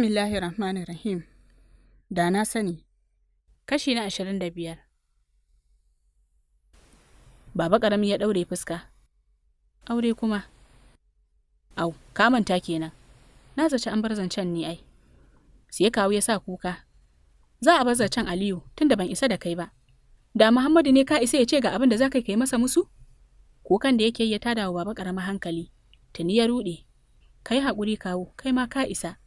Bismillahi Rahmanir Rahim. Da na sani. Kashi na ashirin da biyar. Baba ƙarami ya ɗaure fuska. Aure kuma. Au, kamanta kenan. Na zaci an bar zancen ni ai. Sai kawo ya sa kuka. Za a bar zancen Aliyu tunda ban isa da kai ba. Da Muhammadu ne ka isa ya ce ga abin da za kai masa musu? Kukan da yake yi ya tada wa baba ƙarama hankali. Tuni ya ruɗe. Kai hakuri kawo, kai ma ka isa.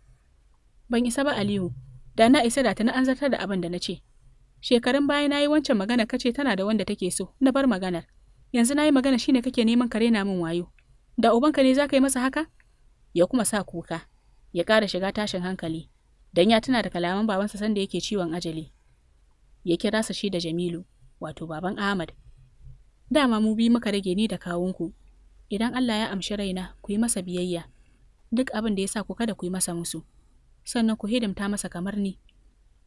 Ban isa ba Aliyu, da na isa da ta na an zartar da abin da na ce. Shekarun baya na yi wancan magana kace tana da wanda take so, na bar maganar. Yanzu na yi magana shine kake neman kare na min wayo. Da ubanka ne za ka yi masa haka? Ya kuma sa kuka, ya ƙara shiga tashin hankali, Dan ya tuna da kalaman babansa sanda yake ciwon ajali. Ya kira sa shi da Jamilu, wato baban Ahmad. Dama mu bi muka rage ni da kawunku. Idan Allah ya amshi raina, ku yi masa biyayya. Duk abin da ya sa ku kada ku yi masa musu. sannan ku hidimta masa kamar ni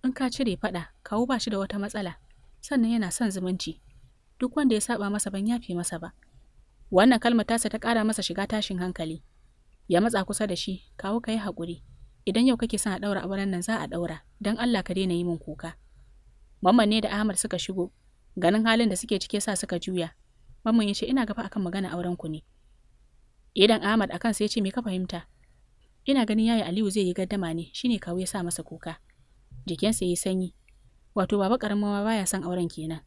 in ka cire faɗa kawo ba shi da wata matsala sannan yana son zumunci duk wanda ya saba masa ban yafe masa ba wannan kalmar tasa ta ƙara masa shiga tashin hankali ya matsa kusa da shi kawo ka yi haƙuri idan yau kake son a ɗaura auren nan za a ɗaura don Allah ka daina yi min kuka mamman ne da Ahmad suka shigo ganin halin da suke cike sa suka juya mamman ya ce ina gaba akan magana auren ku ne idan Ahmad akan sai ya ce me ka fahimta ina ganin yayi aliyu zai yi gaddama ne shine kawo ya sa masa kuka jikinsa ya yi sanyi wato baba karamawa baya son auren kenan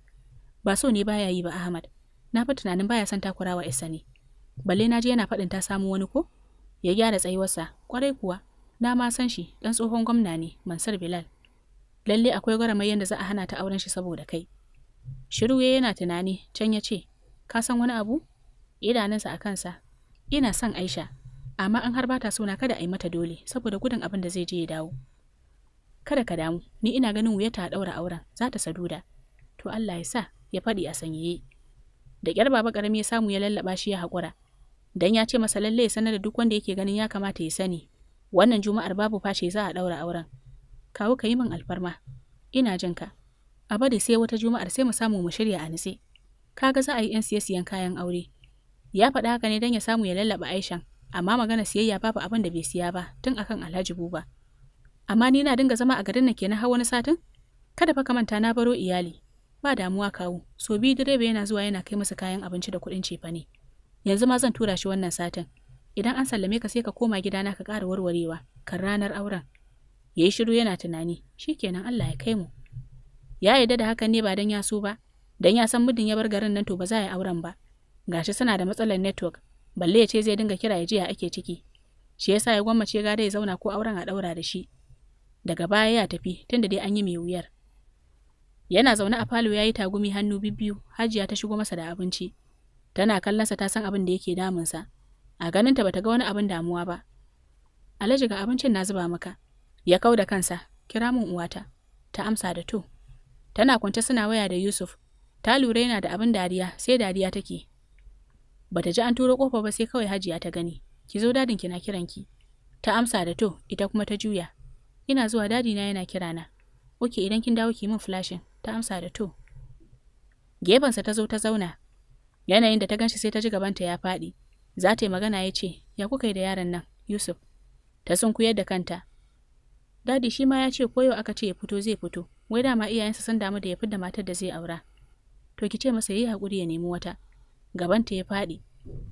ba so ne baya yi ba ahmad na fi tunanin baya son takurawa isa ne balle na ji yana faɗin ta samu wani ko ya gyara tsayuwarsa kwarai kuwa na ma san shi dan tsohon gwamna ne Mansar bilal lalle akwai gwaramai yanda za a hana ta auren shi saboda kai shiru yana tunani can ya ce ka san wani abu idanunsa a kansa ina son aisha amma an har bata so na kada a yi mata dole saboda gudun abin da zai je ya dawo kada ka damu ni ina ganin wuya ta daura auren za ta da to Allah ya sa ya faɗi a sanyaye da ƙyar baba ƙarami ya samu ya lallaba shi ya haƙura dan ya ce masa lalle ya sanar da duk wanda yake ganin ya kamata ya sani wannan juma'ar babu fashe za a daura auren kawo ka yi min alfarma ina jin ka a bari sai wata juma'ar sai mu samu mu shirya a nitse kaga za a yi 'yan siyen kayan aure ya faɗa haka ne don ya samu ya lallaba aishan amma magana siyayya babu abin da bai siya ba tun akan Alhaji Buba. Amma ni na dinga zama a garin na kenan har wani satin? Kada fa ka manta na baro iyali. Ba damuwa kawu, so biyu direba yana zuwa yana kai masa kayan abinci da kuɗin cefane. Yanzu ma zan tura shi wannan satin. Idan an sallame ka sai ka koma gida na ka ƙara warwarewa, kan ranar auren. Ya yi shiru yana tunani, shi kenan Allah ya kai mu. Ya yarda da hakan ne ba dan ya so ba, dan ya san muddin ya bar garin nan to ba za a yi auren ba. Gashi suna da matsalar network, balle ya ce zai dinga kira ya ji ya ake ciki shi yasa ya gwammace gada ya zauna ko auren a daura da shi daga baya ya tafi tunda dai an yi mai wuyar yana zaune a falo ya yi tagumi hannu bibbiyu hajiya ta shigo masa da abinci tana kallonsa ta san abin da yake damunsa a ganinta bata ga wani abin damuwa ba alhaji ga abincin na zuba maka ya kau da kansa kira mun uwata ta amsa da to tana kwance suna waya da yusuf ta lura yana da abin dariya sai dariya take Bata ji an turo kofa ba sai kawai Hajiya ta gani. Ki zo dadin ki na kiran ki. Ta amsa da to, ita kuma ta juya. Ina zuwa dadi na yana kira na. Oke idan kin dawo ki min flashing. Ta amsa da to. Gefensa ta zo ta zauna. Yanayin da ta ganshi sai ta ji gabanta ya faɗi. Za ta yi magana ya ce, Ya kuka yi da yaron nan, Yusuf? Ta sunkuyar da kanta. Dadi shi ma ya ce koyo aka ce ya fito zai fito. Wai dama iyayensa sun damu da ya da matar da zai aura. To ki ce masa yi hakuri ya nemi wata. gabanta ya faɗi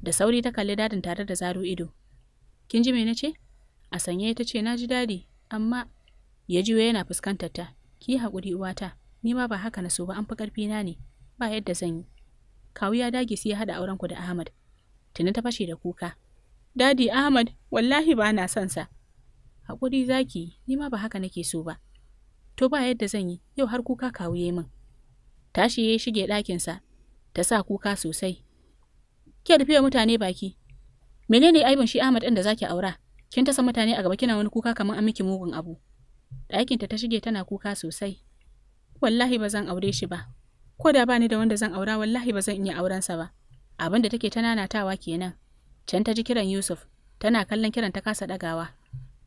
da sauri ta kalli dadin tare da zaro ido kin ji me na ce a sanye ta ce na ji dadi amma ya jiyo yana fuskantar ta ki haƙuri uwata ni ma ba haka na so ba an fi ƙarfi na ne ba yadda zan yi kawu ya dage sai ya haɗa auren ku da Ahmad tuni ta fashe da kuka dadi Ahmad wallahi ba na son sa haƙuri zaki ni ma ba haka nake so ba to ba yadda zan yi yau har kuka kawu yayi min tashi ya shige ɗakinsa ta sa kuka sosai Ke rufe mutane baki. Menene aibin shi Ahmad din da zaki aura? Kin tasa mutane a gaba kina wani kuka kamar an miki mugun abu. Dakinta ta shige tana kuka sosai. Wallahi ba zan aure shi ba. Ko da bani da wanda zan aura wallahi ba zan iya aurensa ba. Abin da take ta nanatawa kenan. Can ta ji kiran Yusuf, tana kallon kiran ta kasa dagawa.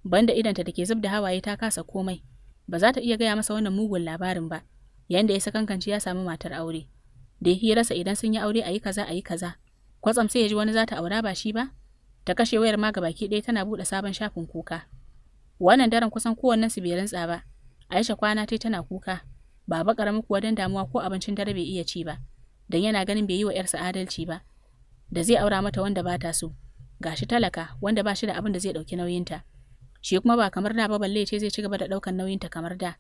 Banda idanta da ke zub da hawaye ta kasa komai. Ba za ta iya gaya masa wannan mugun labarin ba. Yanda ya sakankanci ya samu matar aure. Da hirarsa idan sun yi aure a yi kaza a yi kaza. kwatsam sai ya ji wani zata aura ba shi ba ta kashe wayar ma ga baki ɗaya tana buɗe sabon shafin kuka wannan daren kusan kowannen su bai rantsa ba Aisha kwana tai tana kuka baba karamin kuwa dan damuwa ko abincin dare bai iya ci ba dan yana ganin bai yi wa yarsa adalci ba da zai aura mata wanda ba ta so gashi talaka wanda ba shi da abin da zai ɗauki nauyinta shi kuma ba kamar da ba balle ce zai ci gaba da nauyin ta kamar da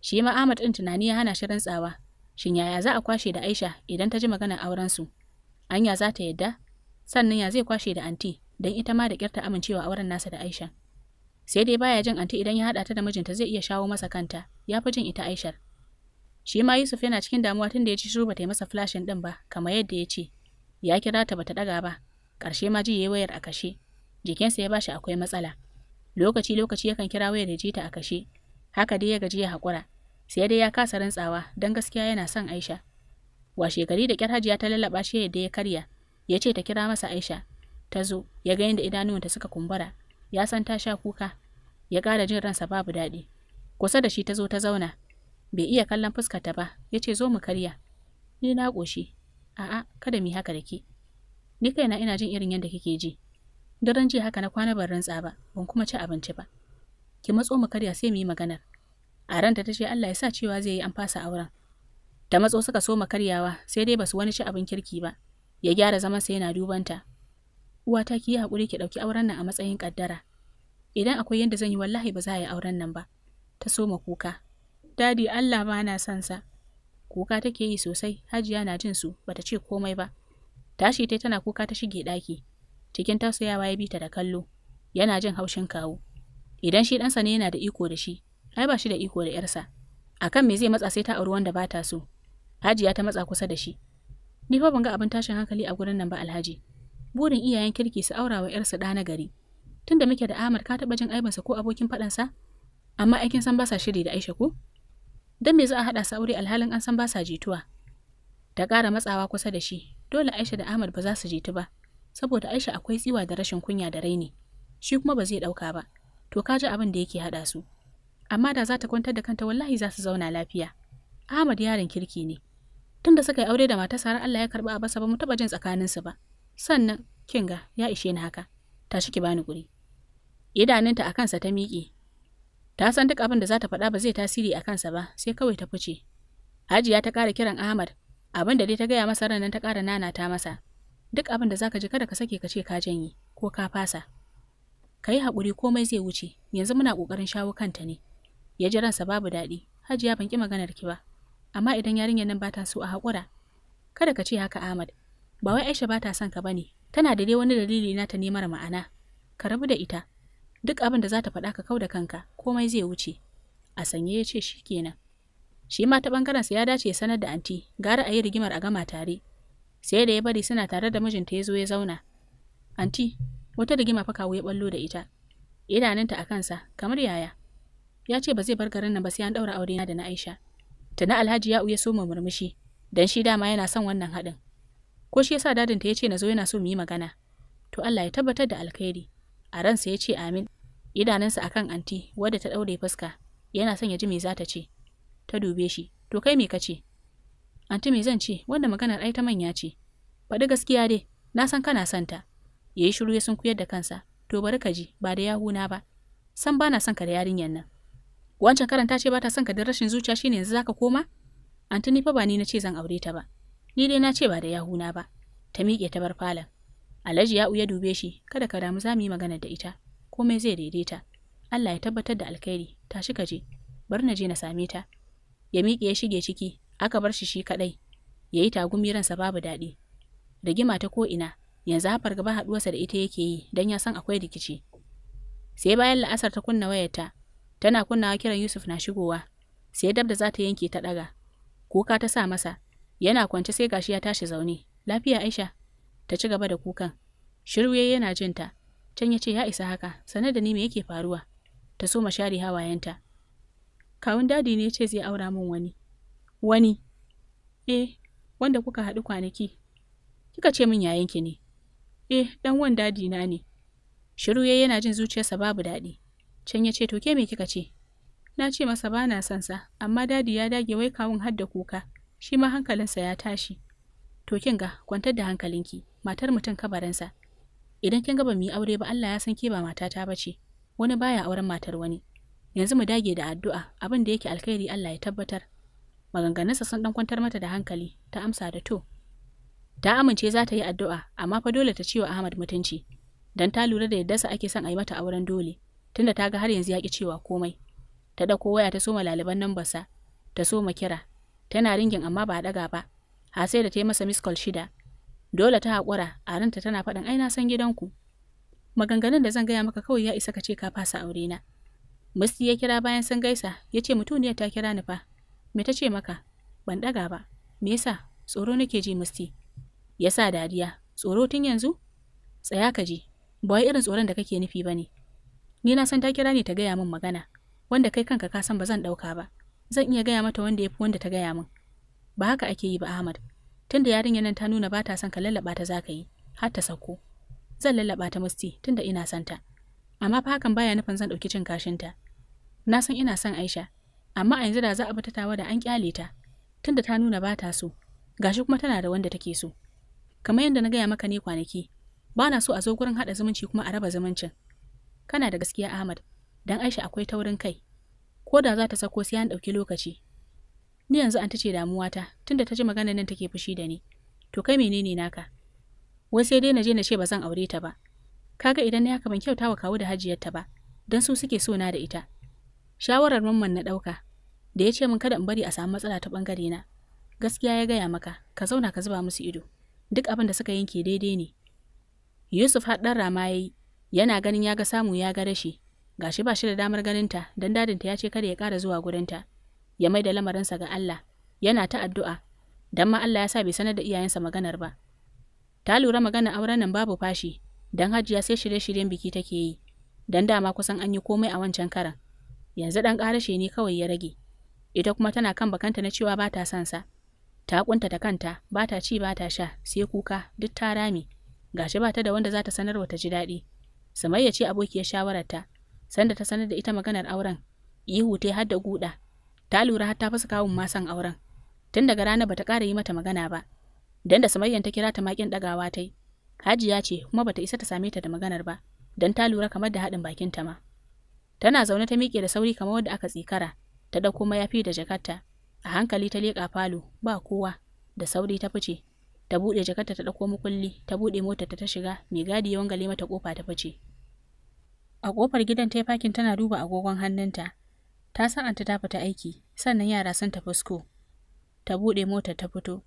shi ma Ahmad ɗin tunani ya hana shi rantsawa shin yaya za a kwashe da Aisha idan ta ji maganar auren su Anya za ta yadda? Sannan ya zai kwashe da anti don ita ma da ƙyarta amincewa a wurin nasa da Aisha. Sai dai baya jin anti idan ya haɗa ta da mijinta zai iya shawo masa kanta, ya fi jin ita Aishar. Shi ma Yusuf yana cikin damuwa tunda ya ci shiru bata yi masa flashin ɗin ba, kamar yadda ya ce. Ya kira ta bata ɗaga ba, Karshe ma ji yi wayar a kashe. Jikinsa ya bashi akwai matsala. Lokaci-lokaci yakan kira wayar da jita a kashe. Haka dai ya gaji ya haƙura. Sai dai ya kasa rantsawa don gaskiya yana son Aisha. washe gari da kyar hajiya ta lallaba shi yadda ya karya ya ce ta kira masa aisha ta zo ya ga yadda idanuwanta suka kumbura ya san ta sha kuka ya ƙara jin ransa babu daɗi kusa da shi ta zo ta zauna bai iya kallon fuskarta ba ya ce zo mu karya ni na ƙoshi a'a kada mu yi haka da ke ni kaina ina jin irin yadda kike ji daren jiya haka na kwana ban rantsa ba ban kuma ci abinci ba ki matso mu karya sai mu yi maganar a ranta ta ce Allah ya sa cewa zai yi an fasa auren ta matso suka soma karyawa sai dai basu wani ci abin kirki ba ya gyara sai yana dubanta uwata ki yi haƙuri ki ɗauki auren nan a matsayin ƙaddara idan akwai yadda zan yi wallahi ba za a yi auren nan ba ta soma kuka dadi Allah ba na son sa kuka take yi sosai hajiya na jin su bata ce komai ba tashi tai tana kuka ta shige ɗaki cikin tausayawa ya bi ta da kallo yana jin haushin kawo idan shi ɗansa ne yana da iko da shi ai ba shi da iko da 'yarsa akan me zai matsa sai ta auri wanda ba ta so Hajiya ta matsa kusa da shi. Ni fa ban ga abin tashin hankali a gurin nan ba Alhaji. Burin iyayen kirki su aura wa ‘yarsu ɗa na gari. Tunda muke da Ahmad ka taɓa jin aibinsa ko abokin faɗansa? Amma aikin san ba sa shiri da Aisha ko? Dan me za a haɗa su aure alhalin an san ba sa jituwa? Ta ƙara matsawa kusa da shi. Dole Aisha da Ahmad ba za su jitu ba. Saboda Aisha akwai tsiwa da rashin kunya da raini. Shi kuma ba zai ɗauka ba. To ka ji abin da yake haɗa su. Amma da za ta kwantar da kanta wallahi za su zauna lafiya. Ahmad yaron kirki ne. Tun da suka yi aure da matarsa har Allah ya karba a basa ba mu taba jin tsakaninsu ba. Sannan kinga ya ishe ni haka. Tashi ki bani guri. Idanunta a kansa ta miƙe. Ta san duk abin da za ta faɗa ba zai tasiri a kansa ba, sai kawai ta fice. Hajiya ta ƙara kiran Ahmad, abin da dai ta gaya masa ranar ta ƙara ta masa. Duk abin da zaka ji kada ka sake ka ce ka janye ko ka fasa. Ka yi haƙuri komai zai wuce, yanzu muna ƙoƙarin shawo kanta ne. Ya ji ransa babu daɗi, Hajiya ban ƙi maganar ki ba, amma idan yarinyar nan ba ta so a haƙura kada ka ce haka Ahmad ba wai Aisha ba ta son ka bane tana da dai wani dalili na ta nemar ma'ana ka rabu da ita duk abin da za ta faɗa ka kau da kanka komai zai wuce a sanye ya ce shi kenan shi ma ta bangaren sa ya dace ya sanar da anti gara a yi rigimar a gama tare sai da ya bari suna tare da mijinta ya zo ya zauna anti wata rigima fa kawo ya ballo da ita idanunta a kansa kamar yaya ya ce ba zai bar garin nan ba sai an ɗaura aure na da na Aisha Tana Alhaji Ya'u ya soma murmushi, dan shi dama yana son wannan haɗin. Ko shi yasa dadin ya ce na zo yana so mu yi magana. To Allah ya tabbatar da alkhairi. A ransa ya ce amin. Idanunsa akan anti wadda ta ɗaure fuska, yana son ya ji me za ta ce. Ta dube shi, to kai me ka ce? Anti me zan ce, wanda maganar ai ta manya ce. Faɗi gaskiya dai, na san kana son Ya yi shiru ya sunkuyar da kansa, to bari ka ji, ba da yahuna ba. San bana son ka da yarinyar nan. wancan karanta ce ba ta son ka da rashin zuciya shine yanzu zaka koma antini fa ba ni na ce zan aure ta ba ni dai na ce ba da yahuna ba ta miƙe ta bar falon alhaji ya uya dube shi kada ka damu za mu yi magana da ita komai zai daidaita Allah ya tabbatar da alkhairi tashi ka je Bar na je na same ta ya miƙe ya shige ciki aka bar shi shi kaɗai ya yi tagumi ransa babu daɗi rigima ta ko'ina yanzu hafar gaba haɗuwarsa da ita yake yi don ya san akwai rikici sai bayan la'asar ta kunna wayarta Tana kunnawa kiran Yusuf na shigowa. Sai dab da za ta yanke ta ɗaga. Kuka ta sa masa. Yana kwance sai gashi ya tashi zaune. Lafiya Aisha. Ta ci gaba da kukan. Shirwe yana jin ta. Can ya ce ya isa haka. Sanar da ni me yake faruwa. Ta so share hawayenta. Kawun dadi ne ce zai aura min wani. Wani. Eh, wanda kuka haɗu kwanaki. Kika ce min yayanki ne. Eh, dan wan dadi na ne. Shiruye yana jin zuciyarsa babu daɗi. Can ya ce to ke me kika ce? Na ce masa ba na son sa, amma dadi ya dage wai kawun har da kuka, shi ma hankalinsa ya tashi. To kin ga kwantar da hankalinki, matar mutum kabarinsa. Idan kin ga ba mu yi aure ba Allah ya san ke ba matata ba ce, wani baya auren matar wani. Yanzu mu dage da addu'a abin da yake alkhairi Allah ya tabbatar. Maganganunsa sun dan kwantar mata da hankali, ta amsa da to. Ta amince za ta yi addu'a, amma fa dole ta wa Ahmad mutunci, don ta lura da yadda sa ake son a yi mata auren dole. tunda ta ga har yanzu ya ki cewa komai ta ɗauko waya ta soma laliban basa, ta soma kira tana ringin amma ba a ɗaga ba har sai da ta yi masa miskol shida dole ta haƙura a ranta tana faɗin ai na san gidanku maganganun da zan gaya maka kawai ya isa ka ce ka fasa aure na musti ya kira bayan sun gaisa ya ce mutuniyar ta kira ni fa me ta ce maka ban ɗaga ba me yasa tsoro nake ji musti ya sa dariya tsoro tun yanzu tsaya ka je. ba irin tsoron da kake nufi ba ne ni na san ta kira ne ta gaya min magana wanda kai kanka ka san ba zan ɗauka ba zan iya gaya mata wanda ya fi wanda ta gaya min ba haka ake yi ba ahmad tunda yarinyar nan ta nuna ba ta son ka lallaɓa ta za ka yi har ta sauko zan lallaɓa ta musti tunda ina son ta amma fa hakan baya nufin zan ɗauki cin kashinta na san ina son aisha amma a yanzu da za a bata tawa da an kyale ta tunda ta nuna ba ta so gashi kuma tana da wanda take so kamar yadda na gaya maka ne kwanaki ba na so a zo gurin haɗa zumunci kuma a raba zumuncin kana da gaskiya Ahmad dan Aisha akwai taurin kai ko da za ta sako sai an ɗauki lokaci ni yanzu an tace ta, tunda ta ji maganar nan take fushi da ni to kai menene naka wai sai dai na je na ce ba zan aure ta ba kaga idan na haka ban kyauta wa kawu da hajiyarta ba dan su suke so na da ita shawarar mamman na ɗauka da ya ce min kada in bari a samu matsala ta bangare na gaskiya ya gaya maka ka zauna ka zuba musu ido duk abin da suka yanke daidai ne Yusuf har ɗan rama ya yi yana ganin ya ga samu ya ga rashi gashi ba shi da damar ganin ganinta don dadinta ya ce kada ya ƙara zuwa ta. ya mai da lamarinsa ga Allah yana ta addu'a don ma Allah ya sa bai sanar da iyayensa maganar ba ta lura magana auren nan babu fashi don hajiya sai shirye-shiryen biki take yi don dama kusan an yi komai a wancan karan yanzu dan karashe ne kawai ya rage ita kuma tana kan bakanta na cewa ba ta son sa ta kunta ta kanta ba ta ci ba ta sha sai kuka duk ta rame gashi ba ta da wanda za ta sanarwa ta ji daɗi Samayya ce abokiyar shawararta, sanda ta sanar da ita maganar auren, ihu ta har da guda. Ta lura har ta fasa kawun masan auren. Tun daga rana bata ƙara yi mata magana ba. Dan da Samayyan ta kira ta makin dagawa ta Hajiya ce kuma bata isa ta same ta da maganar ba, dan ta lura kamar da haɗin bakin ta ma. Tana zaune ta miƙe da sauri kamar wadda aka tsikara, ta ɗauko mayafi da jakarta. A hankali ta leƙa falo, ba kowa, da sauri ta fice. ta buɗe jakarta ta ɗauko mukulli ta buɗe motar ta shiga mai gadi ya wangale mata kofa ta fice a kofar gidan ta yi fakin tana duba agogon hannunta ta san anta ta fita aiki sannan yara sun ta fusko ta buɗe motar ta fito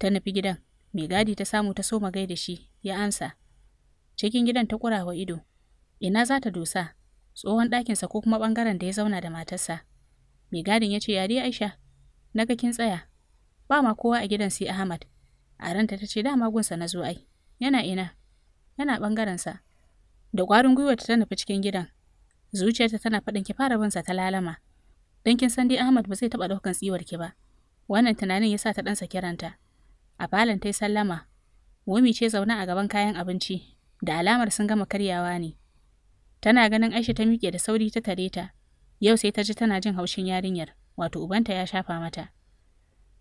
ta nufi gidan mai gadi ta samu ta soma gaida shi ya ansa cikin gidan ta kurawa ido ina za ta dosa tsohon ɗakinsa ko kuma ɓangaren da ya zauna da matarsa mai gadin ya ce yare aisha na ga kin tsaya ba ma kowa a gidan sai ahmad A ranta ta ce dama gunsa na zo ai. Yana ina? Yana ɓangarensa. Da ƙwarin gwiwar ta nufi cikin gidan. Zuciyarta tana faɗin ki fara binsa ta lalama. Dan kin san dai Ahmad ba zai taɓa ɗaukan tsiwar ki ba. Wannan tunanin ya sa ta ɗansa kiranta. A falon ta yi sallama. Wumi ce zaune a gaban kayan abinci. Da alamar sun gama karyawa ne. Tana ganin Aisha ta miƙe da sauri ta tare ta. Yau sai ta ji tana jin haushin yarinyar, wato ubanta ya shafa mata.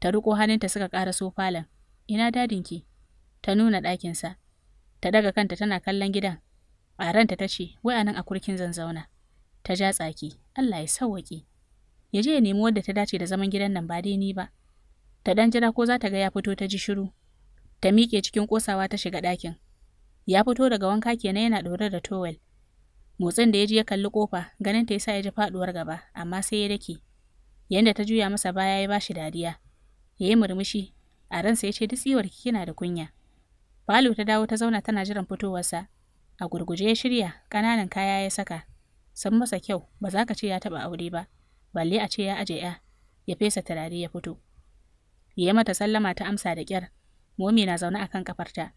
Ta riƙo hannunta suka ƙara so falon. ina dadinki? Ta nuna ɗakinsa. Ta daga kanta tana kallon gidan. A ranta ta ce, wai nan a kurkin zan zauna. Ta ja tsaki, Allah ya sauwaƙe. Ya je ya nemi wadda ta dace da zaman gidan nan ba dai ni ba. Ta dan jira ko za ta ga ya fito ta ji shiru. Ta miƙe cikin ƙosawa ta shiga ɗakin. Ya fito daga wanka kenan yana ɗore da towel. Motsin da ya ji ya kalli ƙofa, ganin ta yasa ya ji faɗuwar gaba, amma sai ya dake. Yanda ta juya masa baya ya bashi dariya. Ya yi murmushi, A ransa ya ce duk kiki kina da kunya. Balu ta dawo ta zauna tana jiran fitowarsa. A gurguje ya shirya, ƙananan kaya ya saka. Sun masa kyau, ba za ka ce ya taɓa aure ba, balle a ce ya aje ya, ya fesa turare ya fito. Ya mata sallama ta amsa da ƙyar, momi na zaune akan kafarta.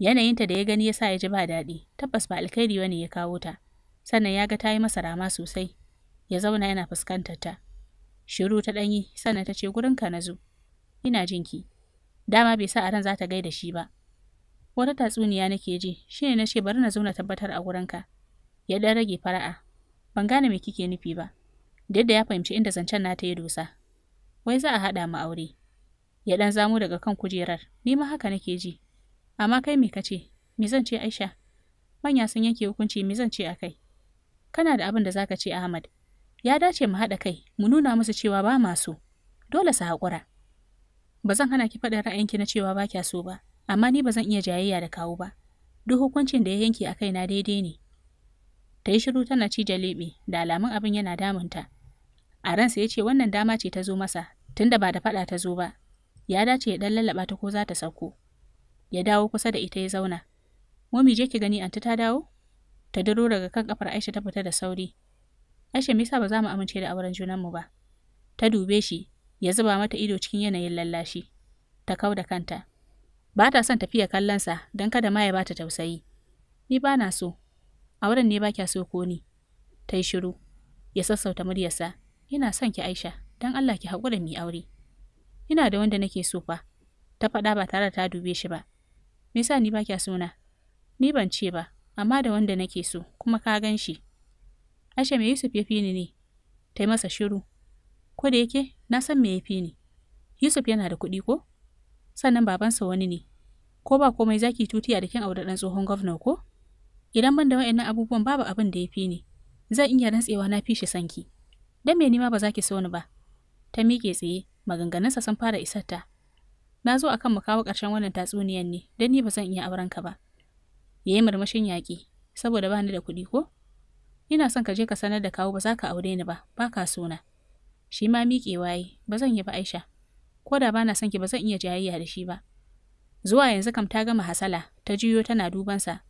Yanayinta da ya gani ya sa ya ji ba daɗi, tabbas ba alkhairi wani ya kawo ta. Sannan ya ga ta yi masa rama sosai, ya zauna yana fuskantar ta. Shiru ta ɗanyi, sannan ta ce gurinka na zo. ina jinki. Dama bai sa a ran za ta gaida shi ba. Wata tatsuniya nake ji, shi ne na ce bari na zo na tabbatar a wurinka. Ya dan rage fara'a. Ban gane me kike nufi ba. Da yadda ya fahimci inda zancen na ta yi dosa. Wai za a haɗa mu aure. Ya ɗan zamo daga kan kujerar. Ni ma haka nake ji. Amma kai me kace? Me zan ce Aisha? Manya sun yanke hukunci me zan ce a kai? Kana da abin da zaka ce Ahmad. Ya dace mu haɗa kai, mu nuna musu cewa ba ma so. Dole su haƙura. ba zan hana ki faɗin ra'ayinki na cewa ba kya so ba amma ni ba zan iya jayayya da kawu ba duk hukuncin da ya yanke a kaina daidai ne ta yi shiru tana ci jalebe da alamun abin yana damunta a ransa ya ce wannan dama ce ta zo masa tunda ba da faɗa ta zo ba ya dace ya ɗan lallaɓa ta ko za ta sauko ya dawo kusa da ita ya zauna momi je ki gani anti ta dawo ta duro daga kan kafar aisha ta fita da sauri aisha me yasa ba za mu amince da auren junanmu ba ta dube shi ya zuba mata ido cikin yanayin lallashi. Ta kau da kanta. Ba ta son tafiya kallonsa don kada ma ya bata tausayi. Ni ba na so. A wurin ne ba kya so ko ni. Ta yi shiru. Ya sassauta muryarsa. Ina son ki Aisha, don Allah ki haƙura mu aure. Ina da wanda nake so fa. Ta faɗa ba tare da ta dube shi ba. Me yasa ni ba kya so na? Ni ban ce ba, amma da wanda nake so, kuma ka gan shi. aisha mai Yusuf ya fi ni ne? Ta yi masa shiru. Ko da yake Na san me yafi ni. Yusuf yana da kuɗi ko? Sannan babansa wani ne. Ko ba komai zaki tuti a kin aure ɗan tsohon gwamna ko? Idan ban da wa'annan abubuwan babu abin da yafi ni. Zan iya rantsewa na fi shi sanki. Dan me nima ba za ki so ni ba? Ta miƙe tsaye, maganganunsa sun fara isar ta. Na zo akan mu kawo ƙarshen wannan tatsuniyan ne, dan ni ba zan iya auren ka ba. Yayi murmushin yaƙi, saboda ba ni da kuɗi ko? Ina son ka je ka sanar da kawo ba za ka aure ni ba, ba ka so shi ma miƙe waye ba zan yi ba Aisha ko da bana son ki ba zan iya jayayya da shi ba zuwa yanzu kam ta gama hasala ta juyo tana duban sa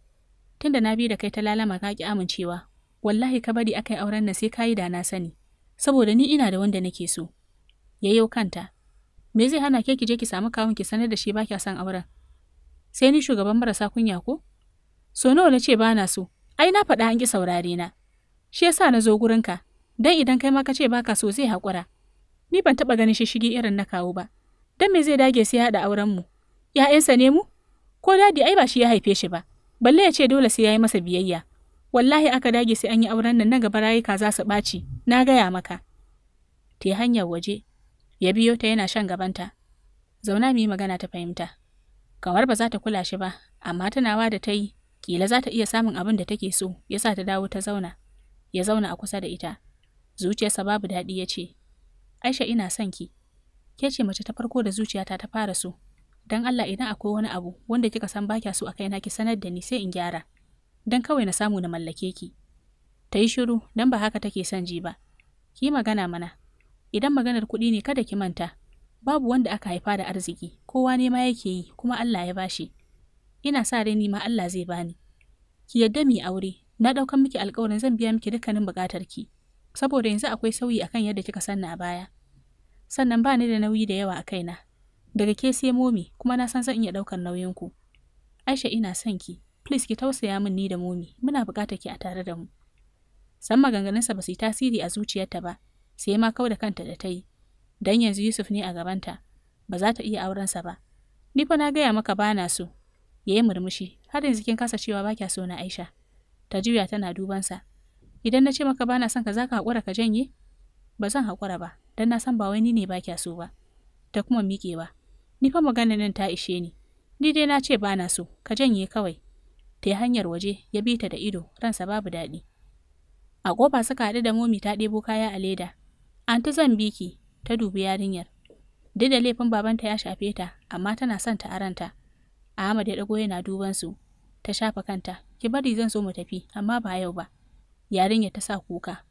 tunda na bi da kai ta lalama ka ki amincewa wallahi ka bari akai auren na sai kayi da na sani saboda ni ina da wanda nake so yayyo kanta me zai hana ke ki je ki samu kawun ki sanar da shi ba kya son auren sai ni shugaban marasa kunya ko so nawa na ce ba na so ai na faɗa an ki saurare na shi yasa na zo ka. Dan idan kai ma ka ce baka so zai haƙura. Ni ban taɓa ganin shishigi irin na kawo ba. Dan me zai dage sai ya haɗa auren mu? ‘Ya'yansa ne mu? Ko dadi ai ba shi ya haife shi ba. Balle ya ce dole sai ya yi masa biyayya. Wallahi aka dage sai an yi auren nan na gaba rayuka za su ɓaci. Na gaya maka. Te hanyar waje. Ya biyo ta yana shan gabanta. Zauna mu magana ta fahimta. Kamar ba za ta kula shi ba, amma tunawa da ta yi, kila za ta iya samun abin da take so, ya sa ta dawo ta zauna. Ya zauna a kusa da ita. Zuciyarsa babu daɗi ya ce, Aisha ina son ki. Ke ce mace ta farko da zuciyata ta fara so. Don Allah idan akwai wani abu wanda kika san bakya so a kaina ki sanar da ni sai in gyara. Don kawai na samu na mallake ki. Ta yi shiru don ba haka take son ji ba. Ki magana mana. Idan maganar kuɗi ne kada ki manta. Babu wanda aka haifa da arziki, kowa ne ma yake yi kuma Allah ya bashi. Ina sa rai ni ma Allah zai bani. Ki yadda yi aure, na ɗaukan miki alƙawarin zan biya miki dukkanin buƙatar ki. saboda yanzu akwai sauyi akan yadda kika sanna a baya sannan ba ni da nauyi da yawa a kaina daga ke sai momi kuma na san zan iya ɗaukar ku aisha ina son ki please ki tausaya min ni da momi muna buƙatar ki a tare da mu san maganganunsa ba su yi tasiri a zuciyarta ba sai ma kau da kanta da ta yi dan yanzu yusuf ne a gabanta ba za ta iya aurensa ba ni fa na gaya maka bana so Yayi murmushi har yanzu kin kasa cewa ba kya so na aisha ta juya tana dubansa idan na ce maka ba na son ka za ka haƙura ka janye ba zan haƙura ba don na san ba wai ne ba kya so ba ta kuma miƙe ba ni fa magana nan ta ishe ni ni dai na ce ba na so ka janye kawai ta hanyar waje ya bi ta da ido ransa babu daɗi a ƙofa suka haɗu da momi ta ɗebo kaya a leda an zan zan biki ta dubi yarinyar duk da laifin babanta ya shafe ta amma tana son ta aranta Ahmad ya ɗago yana duban su ta shafa kanta ki bari zan so mu tafi amma ba yau ba yarinya ta sa kuka.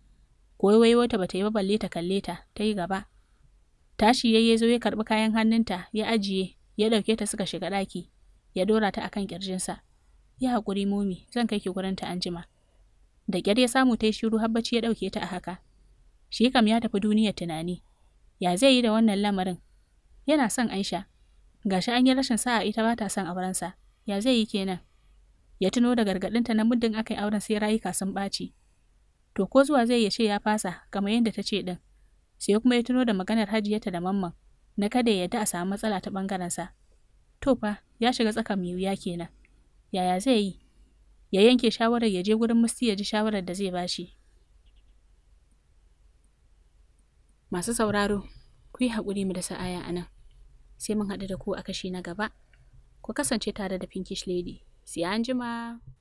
wai wata bata yi ba balle ta kalle ta, ta yi gaba. Tashi yayye zo ya karɓi kayan hannunta, ya ajiye, ya ɗauke ta suka shiga daki ya dora ta akan ƙirjinsa. Ya hakuri momi, zan kai ki gurin ta anjima. Da kyar ya samu ta yi shiru har bacci ya ɗauke ta a haka. Shi kam ya tafi duniya tunani. Ya zai yi da wannan lamarin? Yana son Aisha. Gashi an yi rashin sa'a ita ba ta son aurensa. Ya zai yi kenan? Ya tuno da gargaɗinta na muddin aka yi auren sai rayuka sun ɓaci. to ko zuwa zai ya ce ya fasa kamar yadda ta ce din sai kuma ya tuno da maganar hajiyarta da mamman na kada ya yarda a samu matsala ta sa To fa ya shiga tsaka mai wuya kenan. Yaya zai yi? Ya yanke shawarar ya je gurin musti ya ji shawarar da zai bashi. Masu sauraro, ku yi haƙuri mu da sa'aya a nan. Sai mun haɗu da ku a kashi na gaba. Ku kasance tare da Pinkish Lady. Sai an jima.